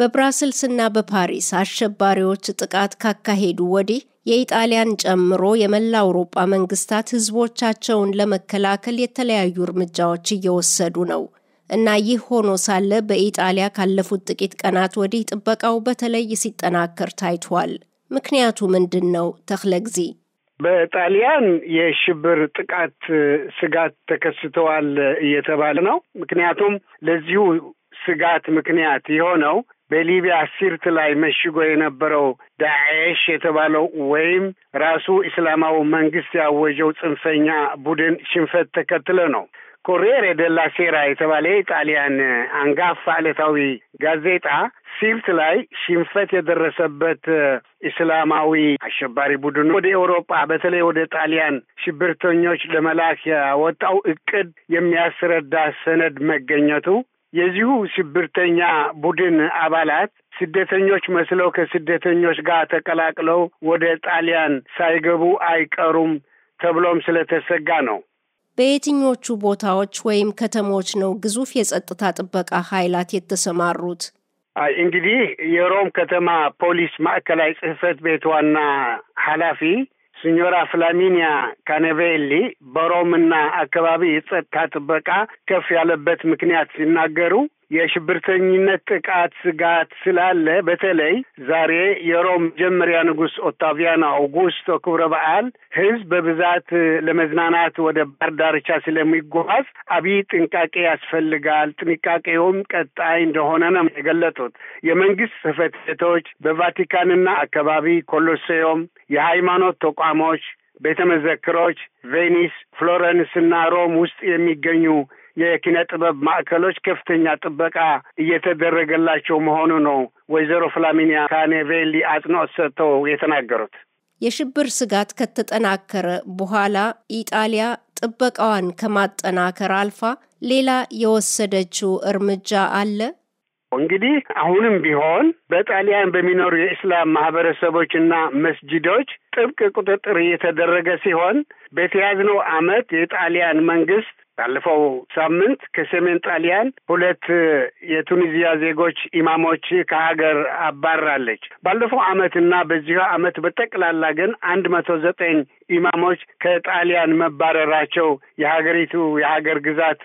በብራስልስና በፓሪስ አሸባሪዎች ጥቃት ካካሄዱ ወዲህ የኢጣሊያን ጨምሮ የመላ አውሮጳ መንግስታት ህዝቦቻቸውን ለመከላከል የተለያዩ እርምጃዎች እየወሰዱ ነው እና ይህ ሆኖ ሳለ በኢጣሊያ ካለፉት ጥቂት ቀናት ወዲህ ጥበቃው በተለይ ሲጠናከር ታይቷል። ምክንያቱ ምንድን ነው? ተክለግዚ በጣሊያን የሽብር ጥቃት ስጋት ተከስተዋል እየተባለ ነው። ምክንያቱም ለዚሁ ስጋት ምክንያት የሆነው በሊቢያ ሲርት ላይ መሽጎ የነበረው ዳኤሽ የተባለው ወይም ራሱ እስላማዊ መንግስት ያወጀው ጽንፈኛ ቡድን ሽንፈት ተከትለ ነው። ኮሪየር ደላ ሴራ የተባለ የጣሊያን አንጋፋ ዕለታዊ ጋዜጣ ሲርት ላይ ሽንፈት የደረሰበት እስላማዊ አሸባሪ ቡድኑ ወደ ኤውሮጳ በተለይ ወደ ጣሊያን ሽብርተኞች ለመላክ ያወጣው እቅድ የሚያስረዳ ሰነድ መገኘቱ የዚሁ ሽብርተኛ ቡድን አባላት ስደተኞች መስለው ከስደተኞች ጋር ተቀላቅለው ወደ ጣሊያን ሳይገቡ አይቀሩም ተብሎም ስለተሰጋ ነው። በየትኞቹ ቦታዎች ወይም ከተሞች ነው ግዙፍ የጸጥታ ጥበቃ ኃይላት የተሰማሩት? አይ እንግዲህ የሮም ከተማ ፖሊስ ማዕከላዊ ጽህፈት ቤት ዋና ኃላፊ ሲኞራ ፍላሚኒያ ካኔቬሊ በሮምና አካባቢ የጸጥታ ጥበቃ ከፍ ያለበት ምክንያት ሲናገሩ የሽብርተኝነት ጥቃት ስጋት ስላለ በተለይ ዛሬ የሮም መጀመሪያ ንጉሥ ኦታቪያን አውጉስቶ ክብረ በዓል ሕዝብ በብዛት ለመዝናናት ወደ ባህር ዳርቻ ስለሚጓዝ አብይ ጥንቃቄ ያስፈልጋል። ጥንቃቄውም ቀጣይ እንደሆነ ነው የገለጡት። የመንግስት ጽህፈት ቤቶች በቫቲካንና አካባቢ፣ ኮሎሴዮም፣ የሃይማኖት ተቋሞች፣ ቤተ መዘክሮች ቬኒስ፣ ፍሎረንስ እና ሮም ውስጥ የሚገኙ የኪነ ጥበብ ማዕከሎች ከፍተኛ ጥበቃ እየተደረገላቸው መሆኑ ነው ወይዘሮ ፍላሚኒያ ካኔቬሊ አጽንኦት ሰጥተው የተናገሩት። የሽብር ስጋት ከተጠናከረ በኋላ ኢጣሊያ ጥበቃዋን ከማጠናከር አልፋ ሌላ የወሰደችው እርምጃ አለ። እንግዲህ አሁንም ቢሆን በጣሊያን በሚኖሩ የእስላም ማህበረሰቦችና መስጅዶች መስጂዶች ጥብቅ ቁጥጥር እየተደረገ ሲሆን በተያዝነው ዓመት የጣሊያን መንግስት ባለፈው ሳምንት ከሰሜን ጣሊያን ሁለት የቱኒዚያ ዜጎች ኢማሞች ከሀገር አባራለች። ባለፈው አመት እና በዚህ አመት በጠቅላላ ግን አንድ መቶ ዘጠኝ ኢማሞች ከጣሊያን መባረራቸው የሀገሪቱ የሀገር ግዛት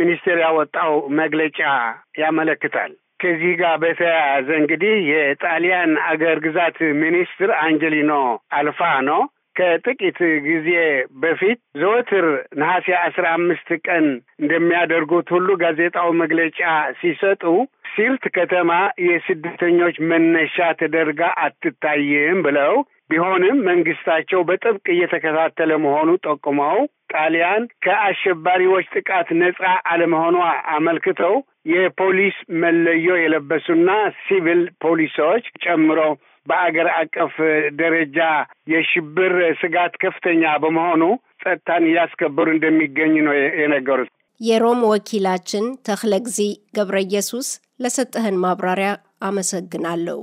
ሚኒስቴር ያወጣው መግለጫ ያመለክታል። ከዚህ ጋር በተያያዘ እንግዲህ የጣሊያን አገር ግዛት ሚኒስትር አንጀሊኖ አልፋኖ ከጥቂት ጊዜ በፊት ዘወትር ነሐሴ አስራ አምስት ቀን እንደሚያደርጉት ሁሉ ጋዜጣው መግለጫ ሲሰጡ ሲርት ከተማ የስደተኞች መነሻ ተደርጋ አትታይም ብለው ቢሆንም መንግስታቸው በጥብቅ እየተከታተለ መሆኑ ጠቁመው ጣሊያን ከአሸባሪዎች ጥቃት ነጻ አለመሆኗ አመልክተው የፖሊስ መለዮ የለበሱና ሲቪል ፖሊሶች ጨምሮ በአገር አቀፍ ደረጃ የሽብር ስጋት ከፍተኛ በመሆኑ ጸጥታን እያስከበሩ እንደሚገኝ ነው የነገሩት። የሮም ወኪላችን ተክለ ጊዜ ገብረ ኢየሱስ ለሰጠህን ማብራሪያ አመሰግናለሁ።